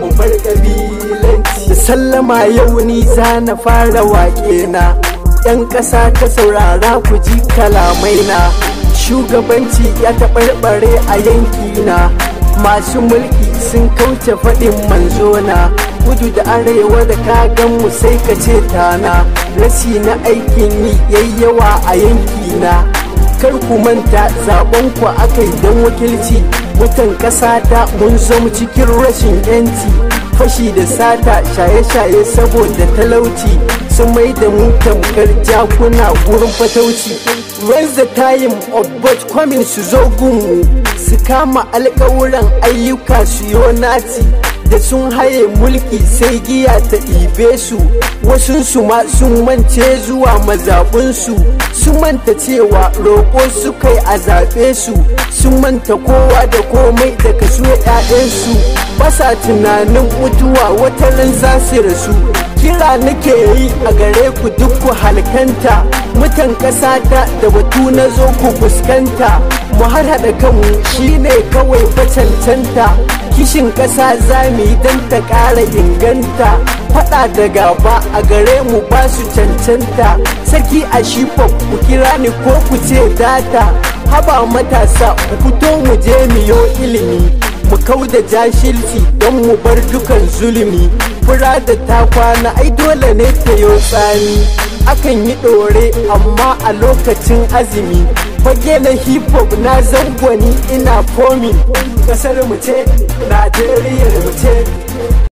mu bar sallama yau ni za na fara waƙe na yan ƙasa ta saurara ku ji kalamai na shugabanci ya taɓarɓare a yanki na masu mulki sun kauce faɗin manzona Gudu da arewa da kagan mu sai ka ce tana rashi na aikin yi yayyawa a yanki na kar ku manta zaben ku aka yi don wakilci mutan ƙasa ta mun zama cikin rashin yanci fashi da sata shaye-shaye saboda talauci sun mai da mu tamkar jakuna gurin fatauci raise the time of but coming su zo gunmu su kama alkawuran ayyuka su nati. da sun haye mulki sai giya ta ibe su wasu su ma sun mance zuwa mazaɓinsu sun manta cewa roƙo su kai a zaɓe su sun manta kowa da komai da kaso 'ya'yansu ba sa tunanin mutuwa wata ran za su rasu kira nake yi a gare ku duk ku halkanta mutan ƙasa ta da batu na zo ku fuskanta mu har haɗa kanmu shine kawai ba cancanta kishin ƙasa za mu don ta ƙara inganta faɗa da gaba a gare mu ba su cancanta Sarki a shifa ku kira ni ko ku ce data haba matasa ku fito mu je mu ilimi mu kau da jashilci don mu bar dukan zulumi fura da ta kwana ai dole ne ta yo tsani akan yi ɗore amma a lokacin azumi fage na hip hop na zangwani ina komi kasar mu ce Najeriya mu ce